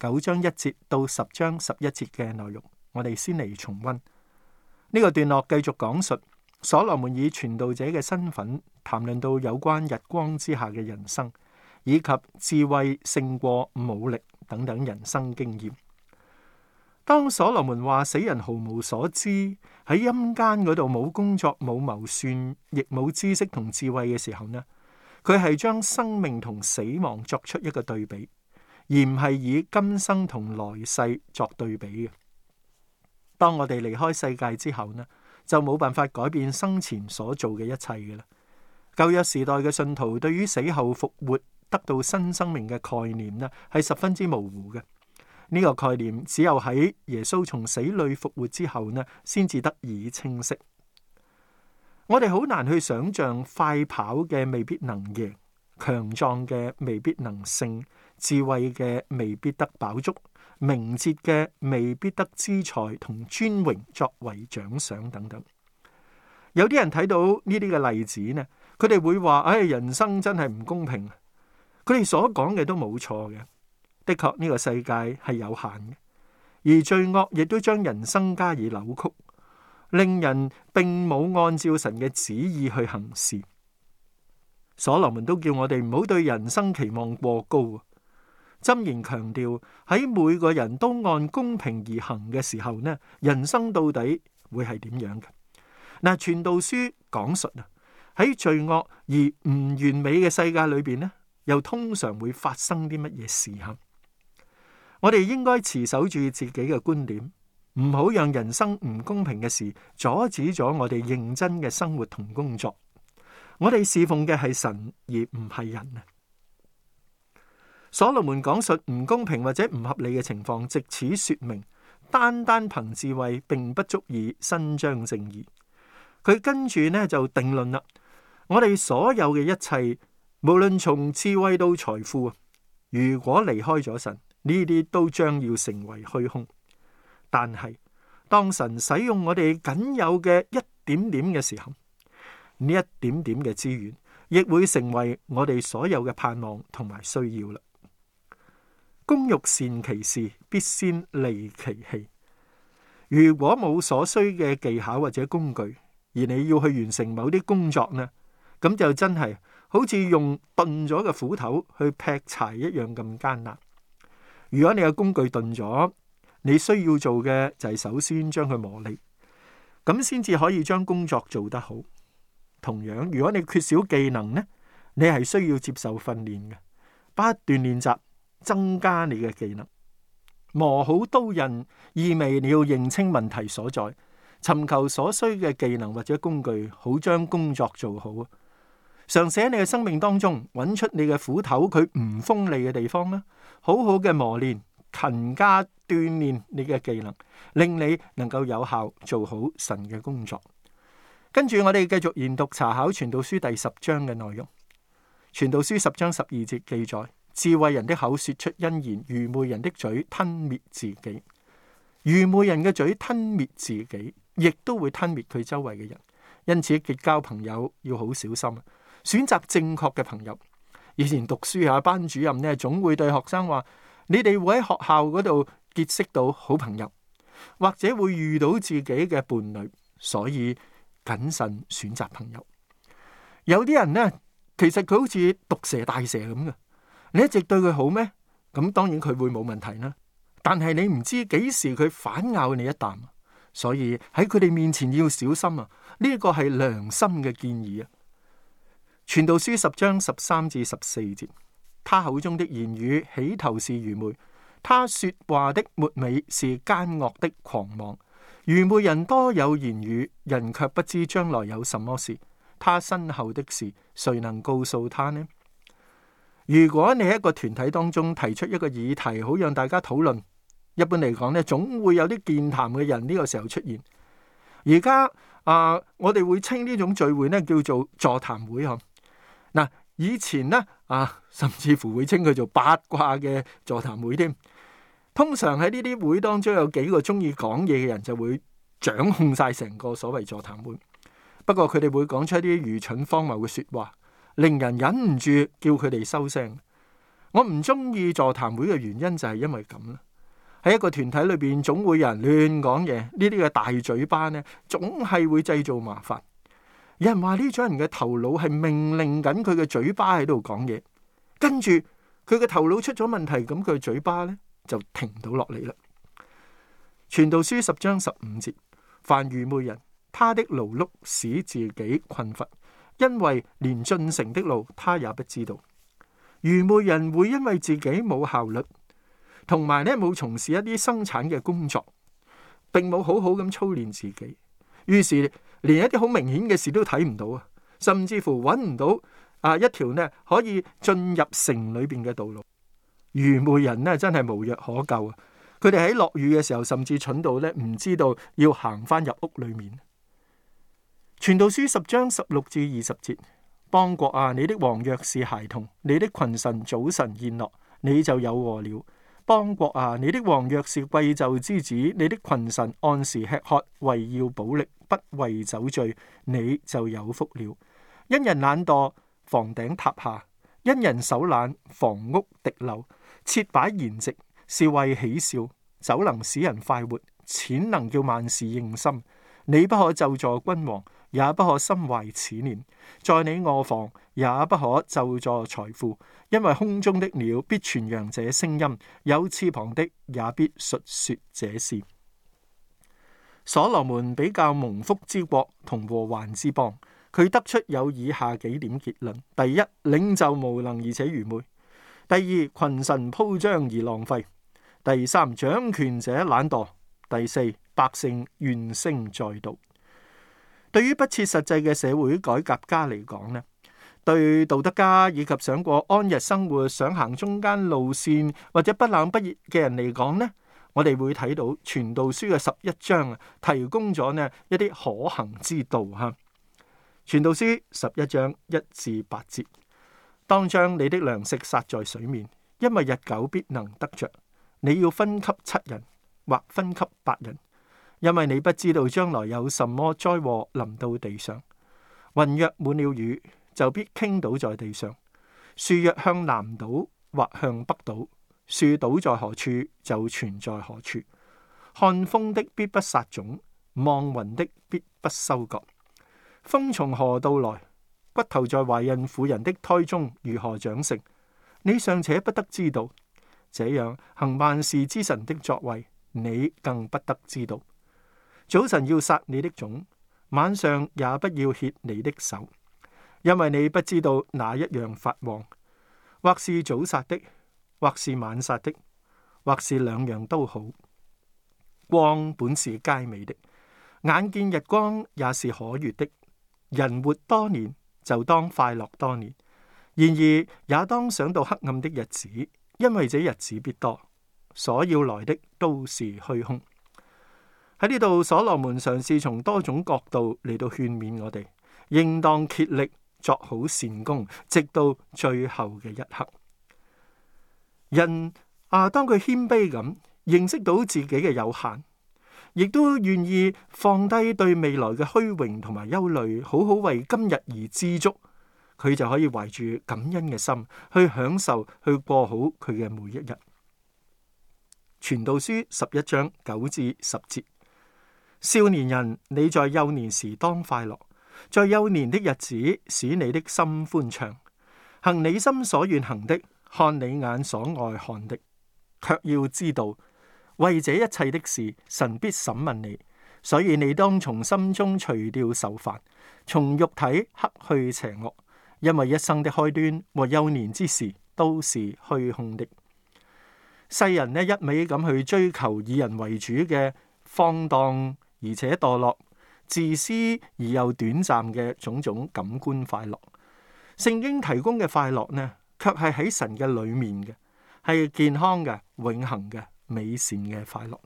九章一節到十章十一節嘅內容，我哋先嚟重溫。呢個段落繼續講述所羅門以傳道者嘅身份談論到有關日光之下嘅人生，以及智慧勝過武力等等人生經驗。當所羅門話死人毫無所知喺陰間嗰度冇工作冇謀算亦冇知識同智慧嘅時候呢，佢係將生命同死亡作出一個對比。而唔係以今生同來世作對比嘅。當我哋離開世界之後呢，就冇辦法改變生前所做嘅一切嘅啦。舊約時代嘅信徒對於死後復活得到新生命嘅概念呢，係十分之模糊嘅。呢個概念只有喺耶穌從死裏復活之後呢，先至得以清晰。我哋好難去想象，快跑嘅未必能贏，強壯嘅未必能勝。智慧嘅未必得飽足，明節嘅未必得資財同尊榮作為獎賞等等。有啲人睇到呢啲嘅例子呢，佢哋會話：「唉、哎，人生真係唔公平。佢哋所講嘅都冇錯嘅，的確呢個世界係有限嘅，而罪惡亦都將人生加以扭曲，令人並冇按照神嘅旨意去行事。所羅門都叫我哋唔好對人生期望過高箴言強調喺每個人都按公平而行嘅時候呢，人生到底會係點樣嘅？嗱，傳道書講述啊，喺罪惡而唔完美嘅世界裏邊呢，又通常會發生啲乜嘢事啊？我哋應該持守住自己嘅觀點，唔好讓人生唔公平嘅事阻止咗我哋認真嘅生活同工作。我哋侍奉嘅係神，而唔係人啊！所羅門講述唔公平或者唔合理嘅情況，借此說明，單單憑智慧並不足以伸張正義。佢跟住呢就定論啦。我哋所有嘅一切，無論從智慧到財富啊，如果離開咗神，呢啲都將要成為虛空。但係當神使用我哋僅有嘅一點點嘅時候，呢一點點嘅資源亦會成為我哋所有嘅盼望同埋需要啦。工欲善其事，必先利其器。如果冇所需嘅技巧或者工具，而你要去完成某啲工作呢，咁就真係好似用鈍咗嘅斧頭去劈柴一樣咁艱難。如果你嘅工具鈍咗，你需要做嘅就係首先將佢磨利，咁先至可以將工作做得好。同樣，如果你缺少技能呢，你係需要接受訓練嘅，不斷練習。增加你嘅技能，磨好刀刃，意味你要認清問題所在，尋求所需嘅技能或者工具，好將工作做好。嘗試喺你嘅生命當中，揾出你嘅斧頭佢唔鋒利嘅地方啦，好好嘅磨練，勤加鍛煉你嘅技能，令你能夠有效做好神嘅工作。跟住我哋繼續研讀查考傳道書第十章嘅內容，傳道書十章十二節記載。智慧人的口說出恩言，愚昧人的嘴吞滅自己。愚昧人嘅嘴吞滅自己，亦都會吞滅佢周圍嘅人。因此結交朋友要好小心，選擇正確嘅朋友。以前讀書啊，班主任咧總會對學生話，你哋會喺學校嗰度結識到好朋友，或者會遇到自己嘅伴侶。所以謹慎選擇朋友。有啲人咧，其實佢好似毒蛇大蛇咁嘅。你一直對佢好咩？咁當然佢會冇問題啦。但係你唔知幾時佢反咬你一啖啊，所以喺佢哋面前要小心啊！呢個係良心嘅建議啊。傳道書十章十三至十四節，他口中的言語起頭是愚昧，他說話的末尾是奸惡的狂妄。愚昧人多有言語，人卻不知將來有什麼事。他身後的事，誰能告訴他呢？如果你喺一個團體當中提出一個議題，好讓大家討論，一般嚟講呢總會有啲健談嘅人呢個時候出現。而家啊，我哋會稱呢種聚會呢叫做座談會嗬。嗱，啊，以前呢，啊，甚至乎會稱佢做八卦嘅座談會添。通常喺呢啲會當中，有幾個中意講嘢嘅人就會掌控晒成個所謂座談會。不過佢哋會講出啲愚蠢荒謬嘅說話。令人忍唔住叫佢哋收聲。我唔中意座談會嘅原因就係因為咁啦。喺一個團體裏邊，總會有人亂講嘢，呢啲嘅大嘴巴呢，總係會製造麻煩。有人話呢種人嘅頭腦係命令緊佢嘅嘴巴喺度講嘢，跟住佢嘅頭腦出咗問題，咁佢嘅嘴巴呢就停到落嚟啦。傳道書十章十五節：凡愚昧人，他的勞碌使自己困乏。因為連進城的路他也不知道，愚昧人會因為自己冇效率，同埋咧冇從事一啲生產嘅工作，並冇好好咁操練自己，於是連一啲好明顯嘅事都睇唔到啊，甚至乎揾唔到啊一條咧可以進入城裏邊嘅道路。愚昧人咧真係無藥可救啊！佢哋喺落雨嘅時候，甚至蠢到咧唔知道要行翻入屋裏面。傳道書十章十六至二十節：邦國啊，你的王若是孩童，你的群臣早晨宴樂，你就有禍了。邦國啊，你的王若是貴冑之子，你的群臣按時吃喝，為要保力，不為酒醉，你就有福了。因人懶惰，房頂塌下；因人手懶，房屋滴漏。設擺筵席是為喜笑，酒能使人快活，錢能叫萬事應心。你不可咒詛君王。也不可心懷此念，在你臥房也不可就坐財富，因為空中的鳥必傳揚這聲音，有翅膀的也必述說這事。所羅門比較蒙福之國同禍患之邦，佢得出有以下幾點結論：第一，領袖無能而且愚昧；第二，群臣鋪張而浪費；第三，掌權者懶惰；第四，百姓怨聲載道。對於不切實際嘅社會改革家嚟講咧，對道德家以及想過安逸生活、想行中間路線或者不冷不熱嘅人嚟講咧，我哋會睇到傳《傳道書》嘅十一章啊，提供咗呢一啲可行之道吓。《傳道書》十一章一至八節，當將你的糧食撒在水面，因為日久必能得着。你要分給七人，或分給八人。因為你不知道將來有什麼災禍臨到地上，雲若滿了雨就必傾倒在地上；樹若向南倒或向北倒，樹倒在何處就存在何處。看風的必不撒種，望雲的必不收割。風從何到來？骨頭在懷孕婦人的胎中如何長成？你尚且不得知道，這樣行萬事之神的作為，你更不得知道。早晨要撒你的種，晚上也不要歇你的手，因為你不知道哪一樣發旺，或是早撒的，或是晚撒的，或是兩樣都好。光本是佳美的，眼見日光也是可悦的。人活多年就當快樂多年，然而也當想到黑暗的日子，因為這日子必多。所要來的都是虛空。喺呢度，所羅門嘗試從多種角度嚟到勸勉我哋，應當竭力作好善功，直到最後嘅一刻。人啊，當佢謙卑咁，認識到自己嘅有限，亦都願意放低對未來嘅虛榮同埋憂慮，好好為今日而知足，佢就可以懷住感恩嘅心去享受，去過好佢嘅每一日。傳道書十一章九至十節。少年人，你在幼年時當快樂，在幼年的日子使你的心歡暢，行你心所願行的，看你眼所愛看的，卻要知道為這一切的事，神必審問你，所以你當從心中除掉愁煩，從肉體克去邪惡，因為一生的開端和幼年之時都是虛空的。世人呢一味咁去追求以人為主嘅放蕩。而且墮落、自私而又短暫嘅種種感官快樂，聖經提供嘅快樂呢，卻係喺神嘅裏面嘅，係健康嘅、永恒嘅、美善嘅快樂。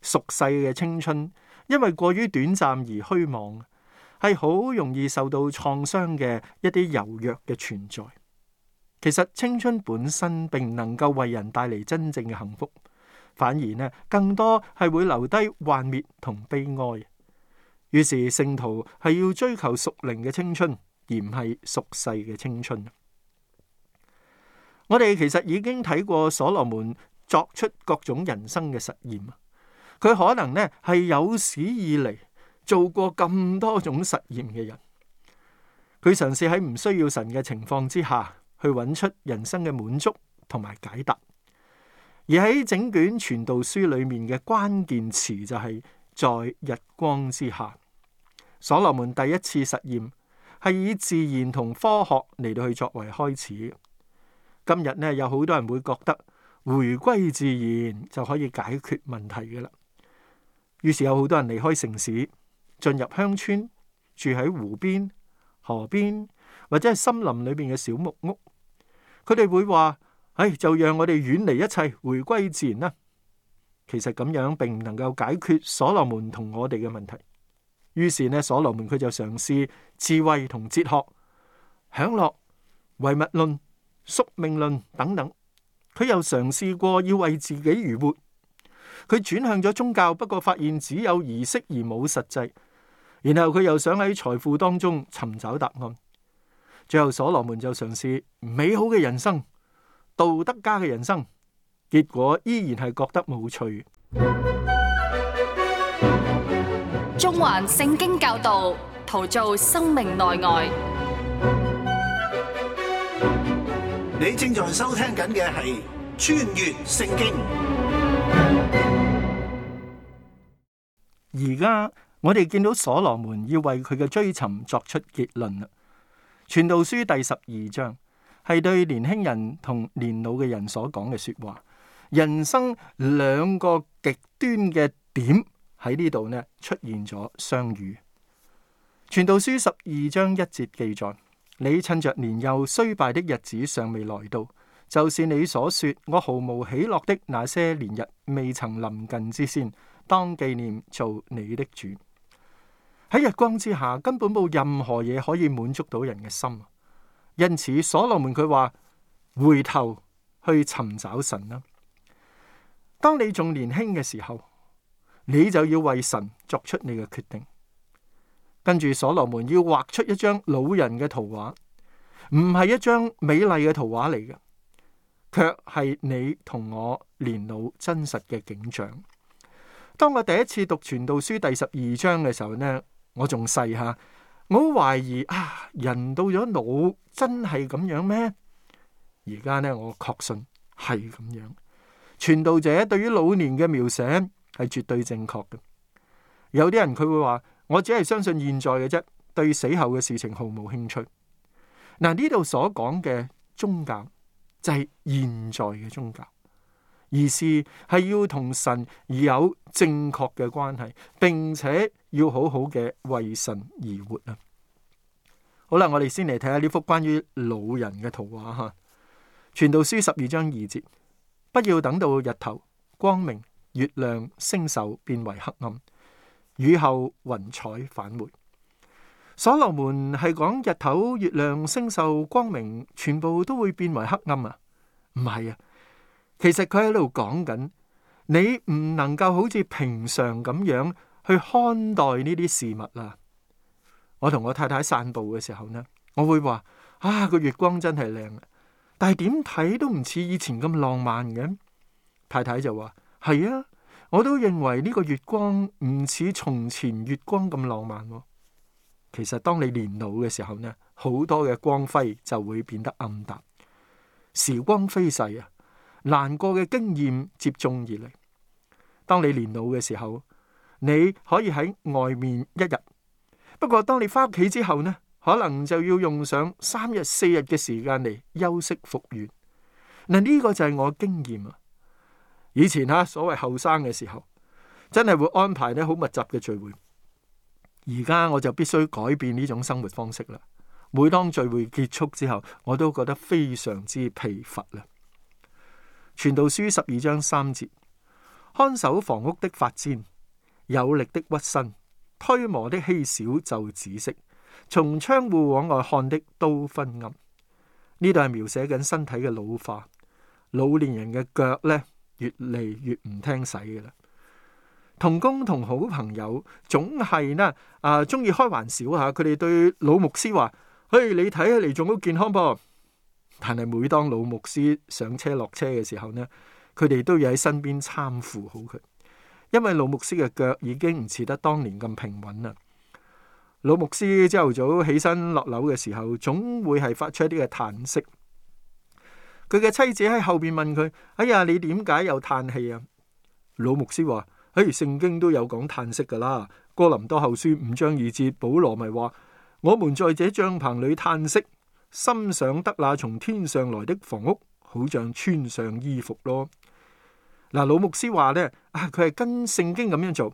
俗世嘅青春，因為過於短暫而虛妄，係好容易受到創傷嘅一啲柔弱嘅存在。其實青春本身並唔能夠為人帶嚟真正嘅幸福。反而呢，更多係會留低幻滅同悲哀。於是聖徒係要追求屬靈嘅青春，而唔係屬世嘅青春。我哋其實已經睇過所羅門作出各種人生嘅實驗，佢可能呢係有史以嚟做過咁多種實驗嘅人。佢嘗試喺唔需要神嘅情況之下去揾出人生嘅滿足同埋解答。而喺整卷傳道書裏面嘅關鍵詞就係在日光之下。所羅門第一次實驗係以自然同科學嚟到去作為開始。今日呢，有好多人會覺得回歸自然就可以解決問題嘅啦。於是有好多人離開城市，進入鄉村，住喺湖邊、河邊或者係森林裏面嘅小木屋。佢哋會話。哎，就讓我哋遠離一切，回歸自然啦。其實咁樣並唔能夠解決所羅門同我哋嘅問題。於是呢，所羅門佢就嘗試智慧同哲學、享樂、唯物論、宿命論等等。佢又嘗試過要為自己而活，佢轉向咗宗教，不過發現只有儀式而冇實際。然後佢又想喺財富當中尋找答案。最後，所羅門就嘗試美好嘅人生。道德家嘅人生，結果依然係覺得冇趣。中環聖經教導，陶造生命內外。你正在收聽緊嘅係《穿越聖經》。而家我哋見到所羅門要為佢嘅追尋作出結論啦，《傳道書》第十二章。係對年輕人同年老嘅人所講嘅說話，人生兩個極端嘅點喺呢度呢出現咗相遇。傳道書十二章一節記載：你趁着年幼衰敗的日子尚未來到，就是你所說我毫無喜樂的那些年日未曾臨近之先。當紀念做你的主。喺日光之下根本冇任何嘢可以滿足到人嘅心。因此，所羅門佢話：回頭去尋找神啦。當你仲年輕嘅時候，你就要為神作出你嘅決定。跟住，所羅門要畫出一張老人嘅圖畫，唔係一張美麗嘅圖畫嚟嘅，卻係你同我年老真實嘅景象。當我第一次讀《傳道書》第十二章嘅時候呢，我仲細吓。我懷疑啊，人到咗老真係咁樣咩？而家呢，我確信係咁樣。傳道者對於老年嘅描寫係絕對正確嘅。有啲人佢會話：我只係相信現在嘅啫，對死後嘅事情毫無興趣。嗱、啊，呢度所講嘅宗教就係、是、現在嘅宗教，而是係要同神有正確嘅關係，並且。要好好嘅為神而活啊！好啦，我哋先嚟睇下呢幅關於老人嘅圖畫吓。傳道書十二章二節：「不要等到日頭、光明、月亮、星宿變為黑暗，雨後雲彩返回。」所羅門係講日頭、月亮、星宿、光明全部都會變為黑暗啊？唔係啊！其實佢喺度講緊，你唔能夠好似平常咁樣。去看待呢啲事物啦。我同我太太散步嘅時候呢，我會話：啊，個月光真係靚，但係點睇都唔似以前咁浪漫嘅。太太就話：係啊，我都認為呢個月光唔似從前月光咁浪漫。其實當你年老嘅時候呢，好多嘅光輝就會變得暗淡。時光飛逝啊，難過嘅經驗接踵而嚟。當你年老嘅時候。你可以喺外面一日，不過當你翻屋企之後呢，可能就要用上三日四日嘅時間嚟休息復原。嗱，呢個就係我經驗啊！以前吓、啊、所謂後生嘅時候，真係會安排呢好密集嘅聚會。而家我就必須改變呢種生活方式啦。每當聚會結束之後，我都覺得非常之疲乏啦。傳道書十二章三節，「看守房屋的發顫。」有力的屈身，推磨的稀少就止息；從窗戶往外看的都昏暗。呢度係描寫緊身體嘅老化。老年人嘅腳咧，越嚟越唔聽使嘅啦。同工同好朋友總係呢啊，中意開玩笑吓。佢哋對老牧師話：，嘿、hey,，你睇起嚟仲好健康噃、哦。但係每當老牧師上車落車嘅時候呢，佢哋都要喺身邊攙扶好佢。因為老牧師嘅腳已經唔似得當年咁平穩啦。老牧師朝頭早起身落樓嘅時候，總會係發出一啲嘅嘆息。佢嘅妻子喺後邊問佢：，哎呀，你點解有嘆氣啊？老牧師話：，嘿、哎，聖經都有講嘆息噶啦，《哥林多後書》五章二節，保羅咪話：，我們在這帳棚裏嘆息，心想得那從天上來的房屋，好像穿上衣服咯。嗱，老牧師話咧，啊，佢係跟聖經咁樣做，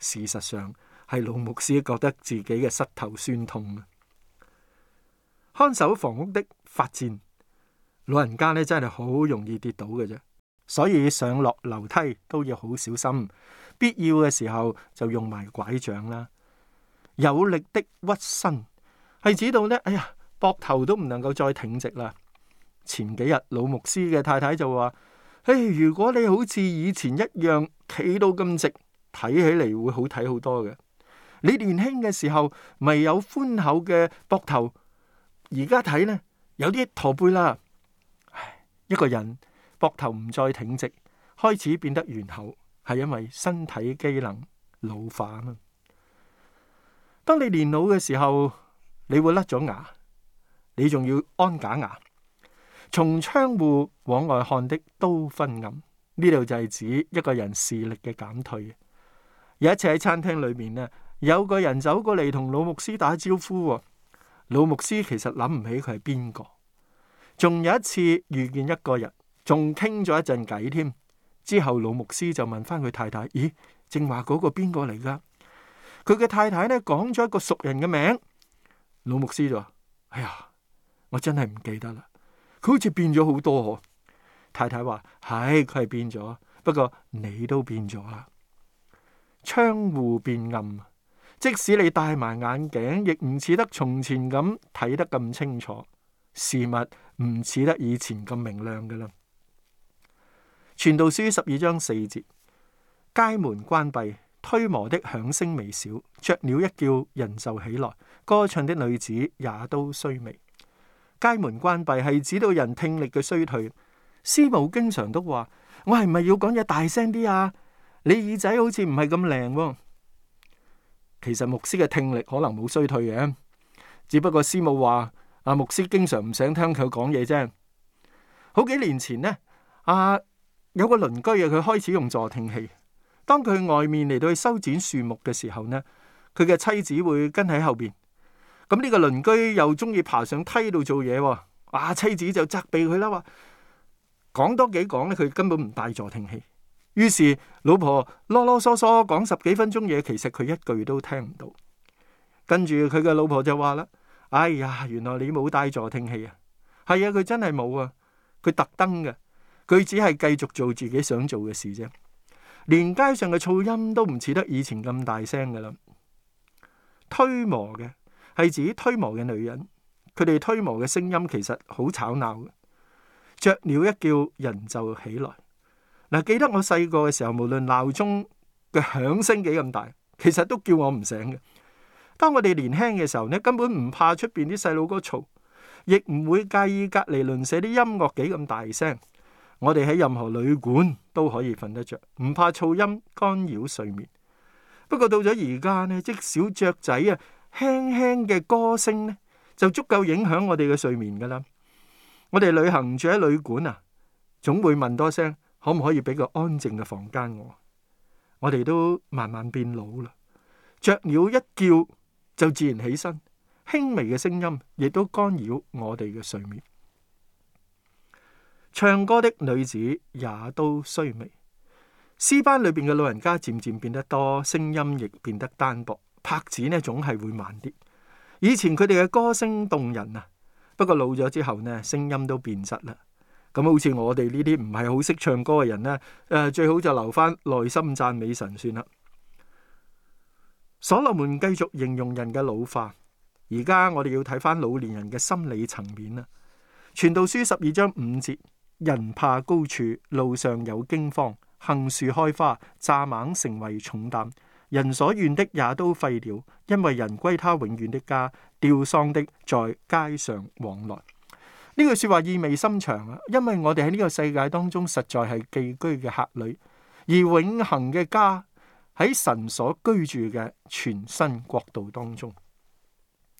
事實上係老牧師覺得自己嘅膝頭酸痛。看守房屋的發顫，老人家咧真係好容易跌倒嘅啫，所以上落樓梯都要好小心，必要嘅時候就用埋拐杖啦。有力的屈身係指到咧，哎呀，膊頭都唔能夠再挺直啦。前幾日老牧師嘅太太就話。哎，如果你好似以前一樣企到咁直，睇起嚟會好睇好多嘅。你年輕嘅時候咪有寬厚嘅膊頭，而家睇呢，有啲駝背啦。唉，一個人膊頭唔再挺直，開始變得圓厚，係因為身體機能老化啊嘛。當你年老嘅時候，你會甩咗牙，你仲要安假牙。從窗戶往外看的都昏暗，呢度就係指一個人視力嘅減退。有一次喺餐廳裏面，呢有個人走過嚟同老牧師打招呼，老牧師其實諗唔起佢係邊個。仲有一次遇見一個人，仲傾咗一陣偈添。之後老牧師就問翻佢太太：，咦，正話嗰個邊個嚟噶？佢嘅太太呢講咗一個熟人嘅名，老牧師就話：，哎呀，我真係唔記得啦。佢好似變咗好多。啊，太太話，唉，佢、哎、係變咗，不過你都變咗啦。窗戶變暗，即使你戴埋眼鏡，亦唔似得從前咁睇得咁清楚，事物唔似得以前咁明亮噶啦。傳道書十二章四節，街門關閉，推磨的響聲微小，雀鳥一叫，人就起來，歌唱的女子也都衰微。街門關閉係指到人聽力嘅衰退。師母經常都話：我係唔係要講嘢大聲啲啊？你耳仔好似唔係咁靈喎。其實牧師嘅聽力可能冇衰退嘅，只不過師母話阿牧師經常唔想聽佢講嘢啫。好幾年前呢，阿、啊、有個鄰居啊，佢開始用助聽器。當佢外面嚟到去修剪樹木嘅時候呢，佢嘅妻子會跟喺後邊。咁呢個鄰居又中意爬上梯度做嘢，啊，妻子就責備佢啦，話講多幾講咧，佢根本唔戴助聽器。於是老婆囉囉嗦嗦講十幾分鐘嘢，其實佢一句都聽唔到。跟住佢嘅老婆就話啦：哎呀，原來你冇戴助聽器啊！係啊，佢真係冇啊！佢特登嘅，佢只係繼續做自己想做嘅事啫。連街上嘅噪音都唔似得以前咁大聲噶啦，推磨嘅。係指推磨嘅女人，佢哋推磨嘅聲音其實好吵鬧嘅，雀鳥一叫，人就起來。嗱，記得我細個嘅時候，無論鬧鐘嘅響聲幾咁大，其實都叫我唔醒嘅。當我哋年輕嘅時候咧，根本唔怕出邊啲細路哥嘈，亦唔會介意隔離鄰舍啲音樂幾咁大聲。我哋喺任何旅館都可以瞓得着，唔怕噪音干擾睡眠。不過到咗而家呢，即小雀仔啊！輕輕嘅歌聲呢，就足夠影響我哋嘅睡眠噶啦。我哋旅行住喺旅館啊，總會問多聲，可唔可以俾個安靜嘅房間我？我哋都慢慢變老啦，雀鳥一叫就自然起身，輕微嘅聲音亦都干擾我哋嘅睡眠。唱歌的女子也都衰微，詩班裏邊嘅老人家漸漸變得多，聲音亦變得單薄。拍子呢，總係會慢啲。以前佢哋嘅歌聲動人啊，不過老咗之後呢，聲音都變質啦。咁好似我哋呢啲唔係好識唱歌嘅人呢，誒、呃，最好就留翻內心讚美神算啦。所羅門繼續形容人嘅老化。而家我哋要睇翻老年人嘅心理層面啊。傳道書十二章五節：人怕高處，路上有驚慌；杏樹開花，蚱蜢成為重擔。人所願的也都廢掉，因為人歸他永遠的家。弔喪的在街上往來。呢句說話意味深長啊！因為我哋喺呢個世界當中，實在係寄居嘅客旅，而永恆嘅家喺神所居住嘅全新國度當中。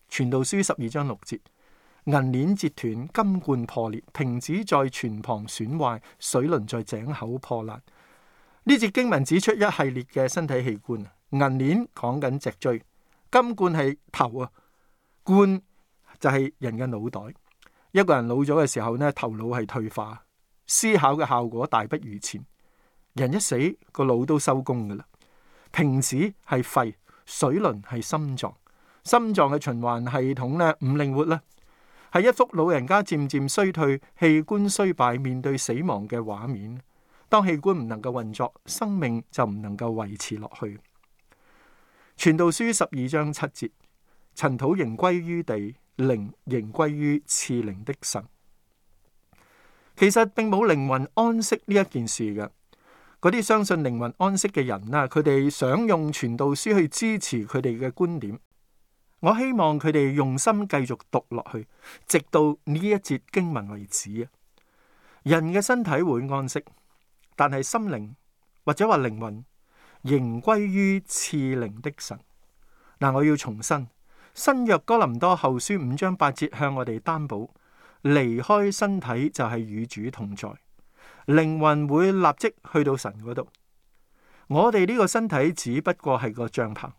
傳道書十二章六節：銀鏈折斷，金冠破裂，瓶子在泉旁損壞，水輪在井口破爛。呢節經文指出一系列嘅身體器官。銀鏈講緊脊椎，金罐係頭啊，罐就係人嘅腦袋。一個人老咗嘅時候呢，頭腦係退化，思考嘅效果大不如前。人一死，個腦都收工噶啦。瓶子係肺，水輪係心臟，心臟嘅循環系統咧唔靈活啦，係一幅老人家漸漸衰退、器官衰敗、面對死亡嘅畫面。當器官唔能夠運作，生命就唔能夠維持落去。傳道書十二章七節，塵土仍歸於地，靈仍歸於賜靈的神。其實並冇靈魂安息呢一件事嘅，嗰啲相信靈魂安息嘅人啊，佢哋想用傳道書去支持佢哋嘅觀點。我希望佢哋用心繼續讀落去，直到呢一節經文為止啊！人嘅身體會安息，但係心靈或者話靈魂。仍歸於賜靈的神。嗱，我要重申新約哥林多後書五章八節向我哋擔保，離開身體就係與主同在，靈魂會立即去到神嗰度。我哋呢個身體只不過係個帳篷，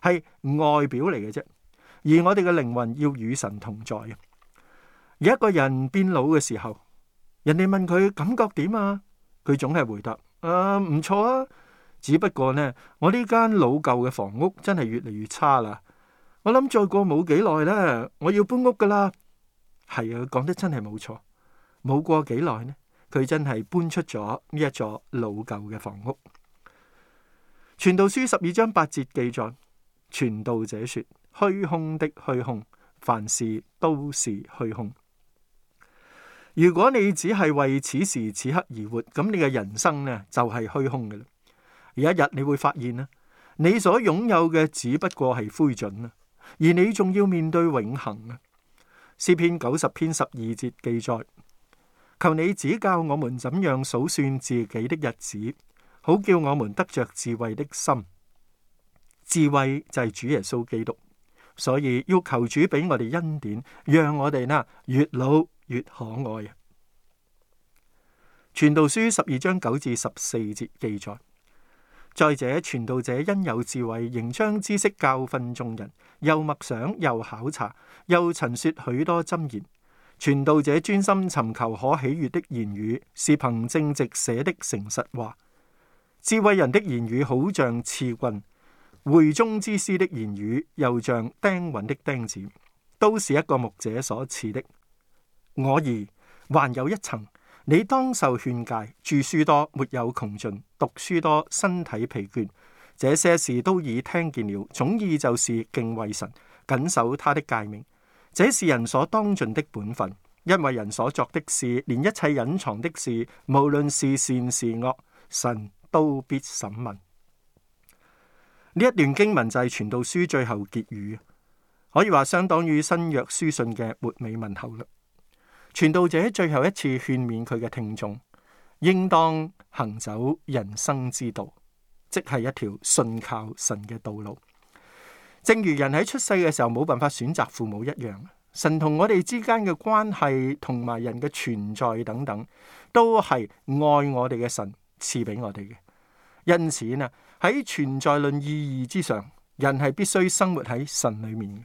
係外表嚟嘅啫，而我哋嘅靈魂要與神同在嘅。而一個人變老嘅時候，人哋問佢感覺點啊？佢總係回答：誒、呃，唔錯啊。只不過呢，我呢間老舊嘅房屋真係越嚟越差啦。我諗再過冇幾耐呢，我要搬屋噶啦。係啊，講得真係冇錯。冇過幾耐呢，佢真係搬出咗呢一座老舊嘅房屋。傳道書十二章八節記載，傳道者說：虛空的虛空，凡事都是虛空。如果你只係為此時此刻而活，咁你嘅人生呢就係虛空嘅啦。有一日你會發現呢，你所擁有嘅只不過係灰燼啦，而你仲要面對永恒啊！詩篇九十篇十二節記載：求你指教我們怎樣數算自己的日子，好叫我們得着智慧的心。智慧就係主耶穌基督，所以要求主俾我哋恩典，讓我哋呢越老越可愛啊！傳道書十二章九至十四節記載。再者，傳道者因有智慧，仍將知識教訓眾人，又默想，又考察，又陳説許多箴言。傳道者專心尋求可喜悦的言語，是憑正直寫的誠實話。智慧人的言語好像刺棍，會中之師的言語又像釘穩的釘子，都是一個牧者所賜的。我兒還有一層。你當受勸戒，著書多沒有窮盡，讀書多身體疲倦，這些事都已聽見了。總意就是敬畏神，謹守他的誡命，這是人所當盡的本分。因為人所作的事，連一切隱藏的事，無論是善是惡，神都必審問。呢一段經文就係《傳道書》最後結語，可以話相當於新約書信嘅末尾問候啦。傳道者最後一次勸勉佢嘅聽眾，應當行走人生之道，即係一條信靠神嘅道路。正如人喺出世嘅時候冇辦法選擇父母一樣，神同我哋之間嘅關係，同埋人嘅存在等等，都係愛我哋嘅神賜俾我哋嘅。因此呢，喺存在論意義之上，人係必須生活喺神裏面嘅。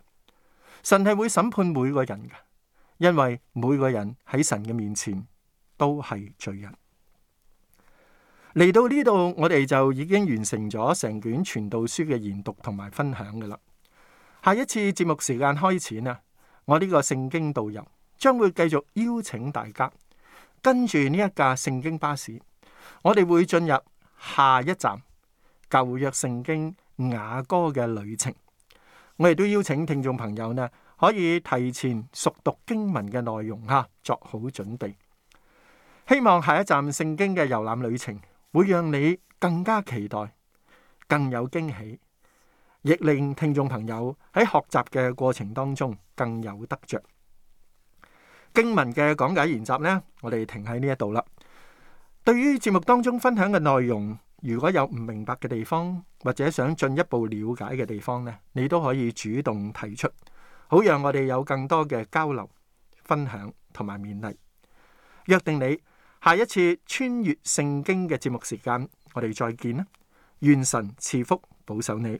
神係會審判每個人嘅。因為每個人喺神嘅面前都係罪人。嚟到呢度，我哋就已經完成咗成卷傳道書嘅研讀同埋分享㗎喇。下一次節目時間開始呢，我呢個聖經導遊將會繼續邀請大家跟住呢一架聖經巴士，我哋會進入下一站舊約聖經雅歌嘅旅程。我亦都邀請聽眾朋友呢。可以提前熟讀經文嘅內容，吓，作好準備。希望下一站聖經嘅遊覽旅程會讓你更加期待，更有驚喜，亦令聽眾朋友喺學習嘅過程當中更有得着。經文嘅講解研習呢，我哋停喺呢一度啦。對於節目當中分享嘅內容，如果有唔明白嘅地方，或者想進一步了解嘅地方呢，你都可以主動提出。好讓我哋有更多嘅交流、分享同埋勉勵。約定你下一次穿越聖經嘅節目時間，我哋再見啦！願神賜福保守你。